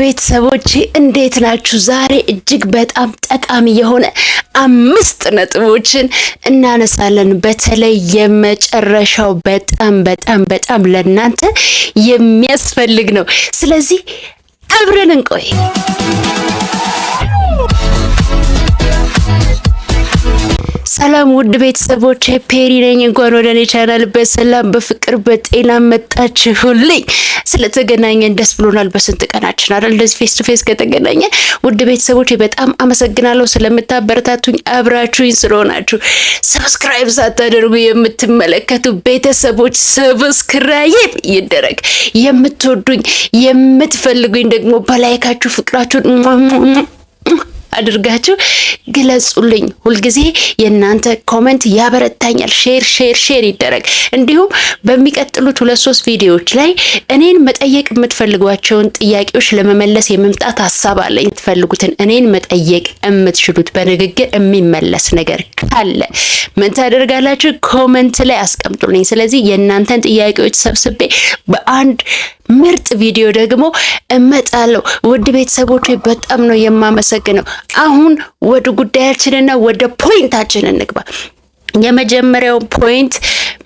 ቤተሰቦች እንዴት ናችሁ? ዛሬ እጅግ በጣም ጠቃሚ የሆነ አምስት ነጥቦችን እናነሳለን። በተለይ የመጨረሻው በጣም በጣም በጣም ለእናንተ የሚያስፈልግ ነው። ስለዚህ አብረን እንቆይ። ሰላም ውድ ቤተሰቦች ፔሪ ነኝ። እንኳን ወደ እኔ ቻናል በሰላም በፍቅር በጤና መጣችሁልኝ። ስለተገናኘን ደስ ብሎናል። በስንት ቀናችን አይደል እንደዚህ ፌስ ቱ ፌስ ከተገናኘ። ውድ ቤተሰቦች በጣም አመሰግናለሁ ስለምታበረታቱኝ፣ አብራችሁኝ ስለሆናችሁ። ሰብስክራይብ ሳታደርጉ የምትመለከቱ ቤተሰቦች ሰብስክራይብ ይደረግ። የምትወዱኝ የምትፈልጉኝ ደግሞ በላይካችሁ ፍቅራችሁን አድርጋችሁ ግለጹልኝ። ሁልጊዜ የእናንተ ኮመንት ያበረታኛል። ሼር ሼር ሼር ይደረግ። እንዲሁም በሚቀጥሉት ሁለት ሶስት ቪዲዮዎች ላይ እኔን መጠየቅ የምትፈልጓቸውን ጥያቄዎች ለመመለስ የመምጣት ሀሳብ አለኝ። የምትፈልጉትን እኔን መጠየቅ የምትችሉት በንግግር የሚመለስ ነገር ካለ ምን ታደርጋላችሁ? ኮመንት ላይ አስቀምጡልኝ። ስለዚህ የእናንተን ጥያቄዎች ሰብስቤ በአንድ ምርጥ ቪዲዮ ደግሞ እመጣለሁ። ውድ ቤተሰቦች በጣም ነው የማመሰግነው። አሁን ወደ ጉዳያችንና ወደ ፖይንታችን እንግባ። የመጀመሪያው ፖይንት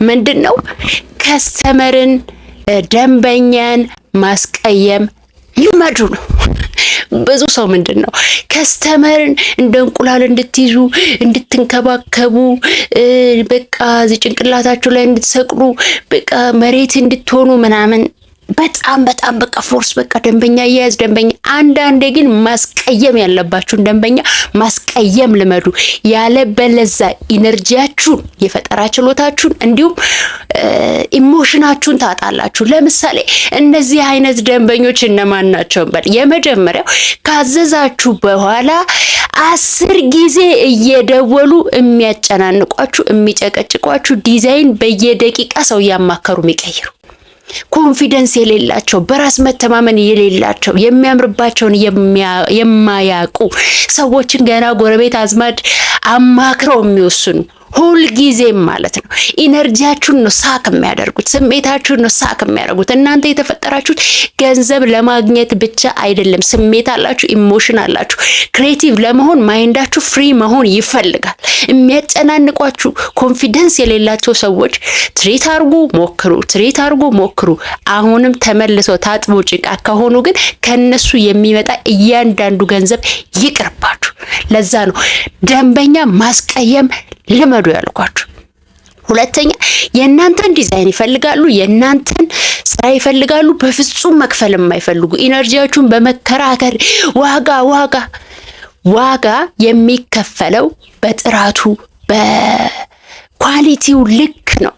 ምንድን ነው? ከስተመርን ደንበኛን ማስቀየም ልመዱ ነው። ብዙ ሰው ምንድን ነው ከስተመርን እንደ እንቁላል እንድትይዙ እንድትንከባከቡ፣ በቃ ጭንቅላታችሁ ላይ እንድትሰቅሉ፣ በቃ መሬት እንድትሆኑ ምናምን በጣም በጣም በቃ ፎርስ በቃ ደንበኛ እያያዝ ደንበኛ። አንዳንዴ ግን ማስቀየም ያለባችሁን ደንበኛ ማስቀየም ልመዱ። ያለ በለዛ ኢነርጂያችሁን፣ የፈጠራ ችሎታችሁን እንዲሁም ኢሞሽናችሁን ታጣላችሁ። ለምሳሌ እነዚህ አይነት ደንበኞች እነማን ናቸው? በል የመጀመሪያው ካዘዛችሁ በኋላ አስር ጊዜ እየደወሉ የሚያጨናንቋችሁ፣ የሚጨቀጭቋችሁ ዲዛይን በየደቂቃ ሰው እያማከሩ የሚቀይሩ ኮንፊደንስ የሌላቸው በራስ መተማመን የሌላቸው የሚያምርባቸውን የማያውቁ ሰዎችን ገና ጎረቤት አዝማድ አማክረው የሚወስኑ ሁል ጊዜም ማለት ነው። ኢነርጂያችሁን ነው ሳክ የሚያደርጉት፣ ስሜታችሁን ነው ሳክ የሚያደርጉት። እናንተ የተፈጠራችሁት ገንዘብ ለማግኘት ብቻ አይደለም። ስሜት አላችሁ፣ ኢሞሽን አላችሁ። ክሬቲቭ ለመሆን ማይንዳችሁ ፍሪ መሆን ይፈልጋል። የሚያጨናንቋችሁ ኮንፊደንስ የሌላቸው ሰዎች ትሪት አርጉ፣ ሞክሩ፣ ትሪት አርጉ፣ ሞክሩ። አሁንም ተመልሰው ታጥቦ ጭቃ ከሆኑ ግን ከነሱ የሚመጣ እያንዳንዱ ገንዘብ ይቅርባል። ለዛ ነው ደንበኛ ማስቀየም ልመዱ ያልኳችሁ። ሁለተኛ የእናንተን ዲዛይን ይፈልጋሉ፣ የእናንተን ስራ ይፈልጋሉ። በፍጹም መክፈል የማይፈልጉ ኢነርጂያችሁን በመከራከር ዋጋ ዋጋ ዋጋ የሚከፈለው በጥራቱ በኳሊቲው ልክ ነው።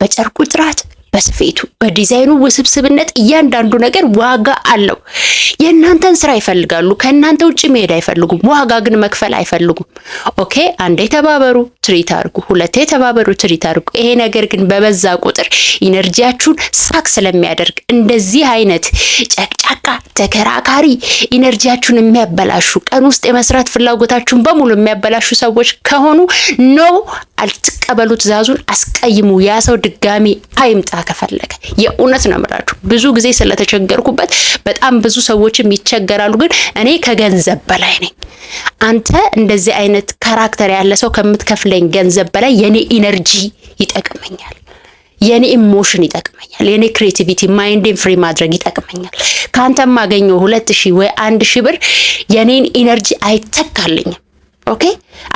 በጨርቁ ጥራት በስፌቱ በዲዛይኑ ውስብስብነት እያንዳንዱ ነገር ዋጋ አለው። የእናንተን ስራ ይፈልጋሉ። ከእናንተ ውጭ መሄድ አይፈልጉም። ዋጋ ግን መክፈል አይፈልጉም። ኦኬ፣ አንዴ ተባበሩ፣ ትሪት አድርጉ። ሁለቴ ተባበሩ፣ ትሪት አድርጉ። ይሄ ነገር ግን በበዛ ቁጥር ኢነርጂያችሁን ሳክ ስለሚያደርግ እንደዚህ አይነት ጨቅጫቃ ተከራካሪ ኢነርጂያችሁን የሚያበላሹ ቀን ውስጥ የመስራት ፍላጎታችሁን በሙሉ የሚያበላሹ ሰዎች ከሆኑ ኖ አልትቀበሉ፣ ትዕዛዙን አስቀይሙ። ያ ሰው ድጋሚ አይምጣ። ከፈለገ የእውነት ነው የምላችሁ። ብዙ ጊዜ ስለተቸገርኩበት በጣም ብዙ ሰዎችም ይቸገራሉ። ግን እኔ ከገንዘብ በላይ ነኝ። አንተ እንደዚህ አይነት ካራክተር ያለ ሰው ከምትከፍለኝ ገንዘብ በላይ የኔ ኢነርጂ ይጠቅመኛል፣ የኔ ኢሞሽን ይጠቅመኛል፣ የኔ ክሬቲቪቲ ማይንድን ፍሪ ማድረግ ይጠቅመኛል። ከአንተ የማገኘው ሁለት ሺህ ወይ አንድ ሺህ ብር የኔን ኢነርጂ አይተካልኝም። ኦኬ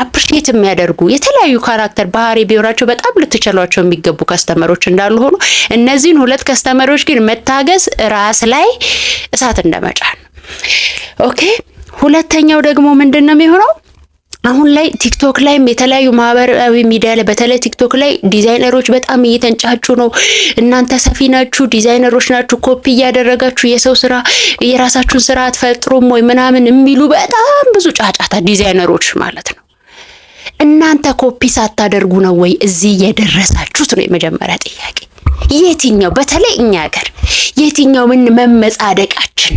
አፕሪሺየት የሚያደርጉ የተለያዩ ካራክተር ባህሪ ቢኖራቸው በጣም ልትችሏቸው የሚገቡ ከስተመሮች እንዳሉ ሆኖ እነዚህን ሁለት ከስተመሮች ግን መታገዝ ራስ ላይ እሳት እንደመጫን ኦኬ ሁለተኛው ደግሞ ምንድን ነው የሚሆነው አሁን ላይ ቲክቶክ ላይም የተለያዩ ማህበራዊ ሚዲያ ላይ በተለይ ቲክቶክ ላይ ዲዛይነሮች በጣም እየተንጫጩ ነው። እናንተ ሰፊ ናችሁ፣ ዲዛይነሮች ናችሁ፣ ኮፒ እያደረጋችሁ የሰው ስራ የራሳችሁን ስራ አትፈጥሩም ወይ ምናምን የሚሉ በጣም ብዙ ጫጫታ ዲዛይነሮች ማለት ነው። እናንተ ኮፒ ሳታደርጉ ነው ወይ እዚህ የደረሳችሁት ነው የመጀመሪያ ጥያቄ። የትኛው በተለይ እኛ ሀገር የትኛው ምን መመጻደቃችን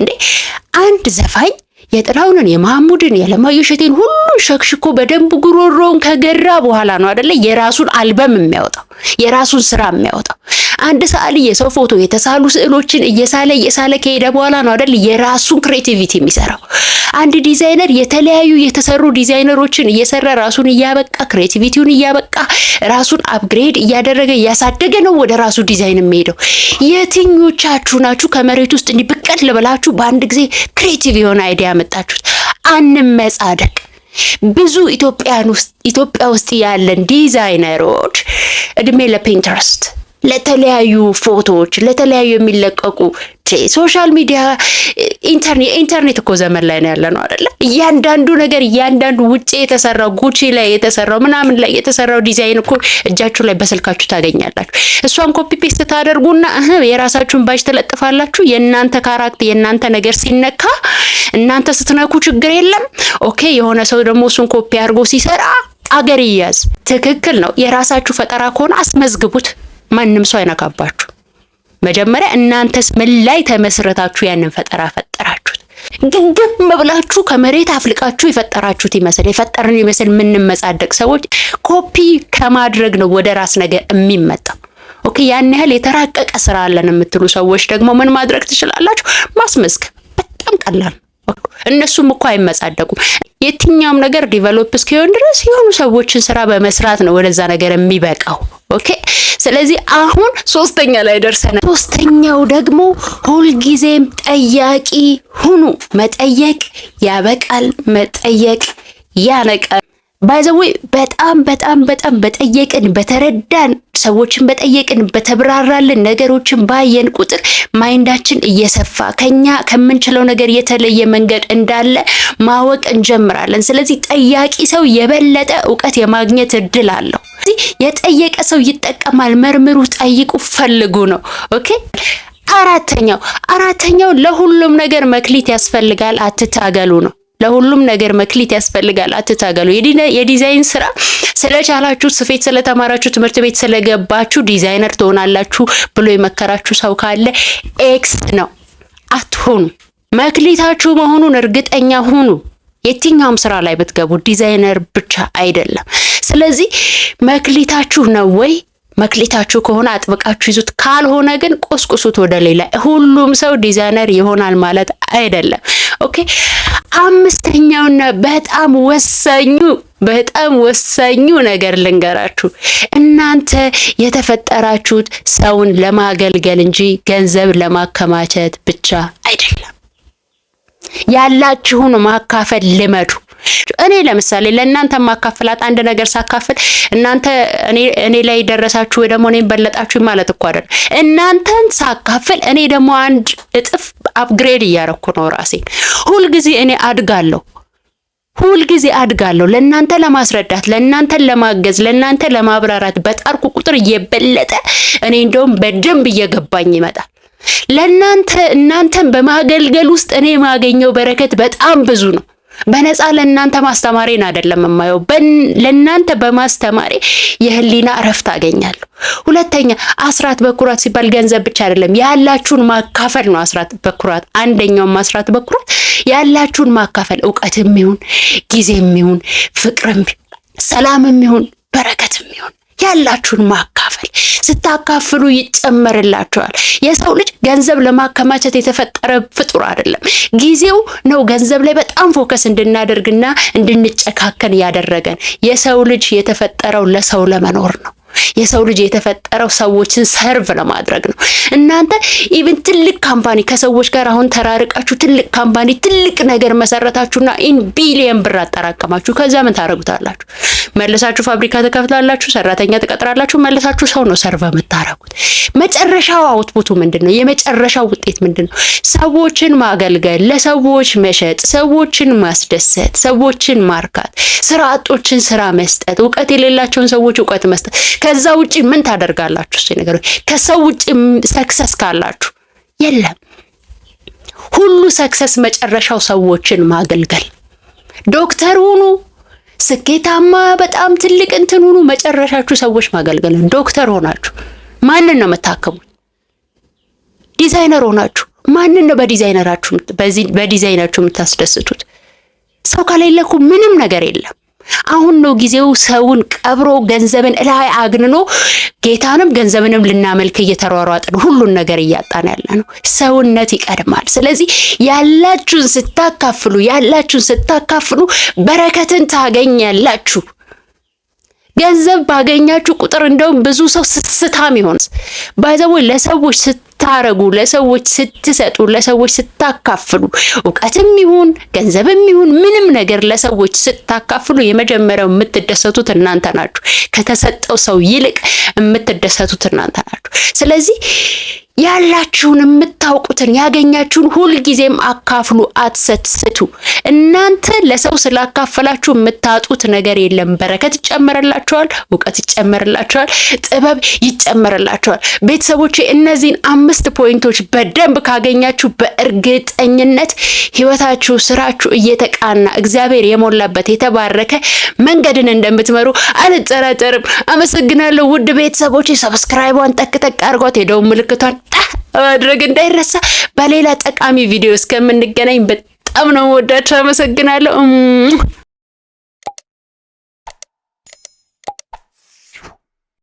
እንዴ አንድ ዘፋኝ የጥላሁንን የመሐሙድን የለማዩ ሸቴን ሁሉን ሸክሽኮ በደንብ ጉሮሮውን ከገራ በኋላ ነው አደለ የራሱን አልበም የሚያወጣው የራሱን ስራ የሚያወጣው። አንድ ሰዓሊ የሰው ፎቶ የተሳሉ ስዕሎችን እየሳለ እየሳለ ከሄደ በኋላ ነው አይደል የራሱን ክሬቲቪቲ የሚሰራው። አንድ ዲዛይነር የተለያዩ የተሰሩ ዲዛይነሮችን እየሰራ ራሱን እያበቃ ክሬቲቪቲውን እያበቃ ራሱን አፕግሬድ እያደረገ እያሳደገ ነው ወደ ራሱ ዲዛይን የሚሄደው። የትኞቻችሁ ናችሁ ከመሬት ውስጥ እንዲህ ብቀል ብላችሁ በአንድ ጊዜ ክሬቲቭ የሆነ አይዲያ ያመጣችሁት? አንመጻደቅ። ብዙ ኢትዮጵያ ውስጥ ያለን ዲዛይነሮች እድሜ ለፒንተረስት ለተለያዩ ፎቶዎች፣ ለተለያዩ የሚለቀቁ ሶሻል ሚዲያ ኢንተርኔት እኮ ዘመን ላይ ነው ያለ ነው አይደለ? እያንዳንዱ ነገር እያንዳንዱ ውጭ የተሰራው ጉቺ ላይ የተሰራው ምናምን ላይ የተሰራው ዲዛይን እኮ እጃችሁ ላይ በስልካችሁ ታገኛላችሁ። እሷን ኮፒ ፔስት ታደርጉና የራሳችሁን ባጅ ትለጥፋላችሁ። የእናንተ ካራክት የእናንተ ነገር ሲነካ እናንተ ስትነኩ ችግር የለም። ኦኬ የሆነ ሰው ደግሞ እሱን ኮፒ አድርጎ ሲሰራ አገር ይያዝ። ትክክል ነው። የራሳችሁ ፈጠራ ከሆነ አስመዝግቡት። ማንም ሰው አይነካባችሁ። መጀመሪያ እናንተስ ምን ላይ ተመስረታችሁ ያንን ፈጠራ ፈጠራችሁት? ግንግም ብላችሁ ከመሬት አፍልቃችሁ የፈጠራችሁት ይመስል የፈጠርን ይመስል የምንመጻደቅ ሰዎች ኮፒ ከማድረግ ነው ወደ ራስ ነገር የሚመጣው። ኦኬ ያን ያህል የተራቀቀ ስራ አለን የምትሉ ሰዎች ደግሞ ምን ማድረግ ትችላላችሁ? ማስመስከ በጣም ቀላል እነሱም እኮ አይመጻደቁም። የትኛውም ነገር ዲቨሎፕ እስኪሆን ድረስ የሆኑ ሰዎችን ስራ በመስራት ነው ወደዛ ነገር የሚበቃው። ኦኬ። ስለዚህ አሁን ሶስተኛ ላይ ደርሰናል። ሶስተኛው ደግሞ ሁልጊዜም ጠያቂ ሁኑ። መጠየቅ ያበቃል፣ መጠየቅ ያነቃል። ባይዘዊ በጣም በጣም በጣም በጠየቅን በተረዳን ሰዎችን በጠየቅን በተብራራልን ነገሮችን ባየን ቁጥር ማይንዳችን እየሰፋ ከኛ ከምንችለው ነገር የተለየ መንገድ እንዳለ ማወቅ እንጀምራለን። ስለዚህ ጠያቂ ሰው የበለጠ እውቀት የማግኘት እድል አለው። የጠየቀ ሰው ይጠቀማል። መርምሩ፣ ጠይቁ፣ ፈልጉ ነው። ኦኬ አራተኛው አራተኛው ለሁሉም ነገር መክሊት ያስፈልጋል፣ አትታገሉ ነው። ለሁሉም ነገር መክሊት ያስፈልጋል። አትታገሉ። የዲዛይን ስራ ስለቻላችሁ፣ ስፌት ስለተማራችሁ፣ ትምህርት ቤት ስለገባችሁ ዲዛይነር ትሆናላችሁ ብሎ የመከራችሁ ሰው ካለ ኤክስ ነው። አትሆኑ። መክሊታችሁ መሆኑን እርግጠኛ ሁኑ። የትኛውም ስራ ላይ ብትገቡ ዲዛይነር ብቻ አይደለም። ስለዚህ መክሊታችሁ ነው ወይ? መክሊታችሁ ከሆነ አጥብቃችሁ ይዙት፣ ካልሆነ ግን ቁስቁሱት ወደ ሌላ። ሁሉም ሰው ዲዛይነር ይሆናል ማለት አይደለም። ኦኬ አምስተኛውና በጣም ወሳኙ በጣም ወሳኙ ነገር ልንገራችሁ። እናንተ የተፈጠራችሁት ሰውን ለማገልገል እንጂ ገንዘብ ለማከማቸት ብቻ አይደለም። ያላችሁን ማካፈል ልመዱ። እኔ ለምሳሌ ለእናንተ ማካፈላት አንድ ነገር ሳካፍል እናንተ እኔ ላይ ደረሳችሁ ወይ ደግሞ እኔን በለጣችሁ ማለት እኮ አይደለም። እናንተን ሳካፍል እኔ ደግሞ አንድ እጥፍ አፕግሬድ እያረኩ ነው ራሴን። ሁልጊዜ እኔ አድጋለሁ፣ ሁልጊዜ አድጋለሁ። ለእናንተ ለማስረዳት፣ ለእናንተ ለማገዝ፣ ለእናንተ ለማብራራት በጣርኩ ቁጥር እየበለጠ እኔ እንደውም በደንብ እየገባኝ ይመጣል። ለእናንተ እናንተን በማገልገል ውስጥ እኔ የማገኘው በረከት በጣም ብዙ ነው። በነፃ ለእናንተ ማስተማሬን አይደለም የማየው፣ ለእናንተ በማስተማሬ የህሊና እረፍት አገኛለሁ። ሁለተኛ አስራት በኩራት ሲባል ገንዘብ ብቻ አይደለም፣ ያላችሁን ማካፈል ነው። አስራት በኩራት አንደኛውም አስራት በኩራት ያላችሁን ማካፈል እውቀትም ይሁን ጊዜም ይሁን ፍቅርም ይሁን ሰላምም ይሁን በረከትም ይሁን ያላችሁን ማካፈል ስታካፍሉ ይጨመርላችኋል። የሰው ልጅ ገንዘብ ለማከማቸት የተፈጠረ ፍጡር አይደለም። ጊዜው ነው ገንዘብ ላይ በጣም ፎከስ እንድናደርግና እንድንጨካከን ያደረገን። የሰው ልጅ የተፈጠረው ለሰው ለመኖር ነው። የሰው ልጅ የተፈጠረው ሰዎችን ሰርቭ ለማድረግ ነው። እናንተ ኢቭን ትልቅ ካምፓኒ ከሰዎች ጋር አሁን ተራርቃችሁ ትልቅ ካምፓኒ ትልቅ ነገር መሰረታችሁና ኢን ቢሊየን ብር አጠራቀማችሁ፣ ከዛ ምን ታደርጉታላችሁ? መልሳችሁ ፋብሪካ ትከፍላላችሁ፣ ሰራተኛ ትቀጥራላችሁ፣ መልሳችሁ ሰው ነው ሰርቭ የምታረጉት። መጨረሻው አውትፑቱ ምንድን ነው? የመጨረሻው ውጤት ምንድን ነው? ሰዎችን ማገልገል፣ ለሰዎች መሸጥ፣ ሰዎችን ማስደሰት፣ ሰዎችን ማርካት፣ ስራ አጦችን ስራ መስጠት፣ እውቀት የሌላቸውን ሰዎች እውቀት መስጠት ከዛ ውጪ ምን ታደርጋላችሁ? እስኪ ነገር ከሰው ውጪ ሰክሰስ ካላችሁ የለም። ሁሉ ሰክሰስ መጨረሻው ሰዎችን ማገልገል። ዶክተር ሁኑ ስኬታማ፣ በጣም ትልቅ እንትን ሁኑ፣ መጨረሻችሁ ሰዎች ማገልገል። ዶክተር ሆናችሁ ማንን ነው የምታከሙት? ዲዛይነር ሆናችሁ ማንን ነው በዲዛይነራችሁ በዲዛይናችሁ የምታስደስቱት? ሰው ከሌለ እኮ ምንም ነገር የለም። አሁን ነው ጊዜው ሰውን ቀብሮ ገንዘብን እላይ አግንኖ ጌታንም ገንዘብንም ልናመልክ እየተሯሯጥን ሁሉን ነገር እያጣን ያለ ነው። ሰውነት ይቀድማል። ስለዚህ ያላችሁን ስታካፍሉ ያላችሁን ስታካፍሉ በረከትን ታገኛላችሁ። ገንዘብ ባገኛችሁ ቁጥር እንደውም ብዙ ሰው ስስታም ይሆን ባይዘው ለሰዎች ስታረጉ፣ ለሰዎች ስትሰጡ፣ ለሰዎች ስታካፍሉ፣ እውቀትም ይሁን ገንዘብም ይሁን ምንም ነገር ለሰዎች ስታካፍሉ የመጀመሪያው የምትደሰቱት እናንተ ናችሁ። ከተሰጠው ሰው ይልቅ የምትደሰቱት እናንተ ናችሁ። ስለዚህ ያላችሁን የምታውቁትን ያገኛችሁን ሁልጊዜም አካፍሉ፣ አትሰስቱ። እናንተ ለሰው ስላካፈላችሁ የምታጡት ነገር የለም። በረከት ይጨመርላችኋል፣ እውቀት ይጨመርላችኋል፣ ጥበብ ይጨመርላችኋል። ቤተሰቦቼ እነዚህን አምስት ፖይንቶች በደንብ ካገኛችሁ በእርግጠኝነት ህይወታችሁ፣ ስራችሁ እየተቃና እግዚአብሔር የሞላበት የተባረከ መንገድን እንደምትመሩ አልጠረጠርም። አመሰግናለሁ ውድ ቤተሰቦቼ። ሰብስክራይቧን ጠቅጠቅ አድርጓት፣ የደውል ምልክቷን ማድረግ እንዳይረሳ። በሌላ ጠቃሚ ቪዲዮ እስከምንገናኝ በጣም ነው ወዳችሁ። አመሰግናለሁ።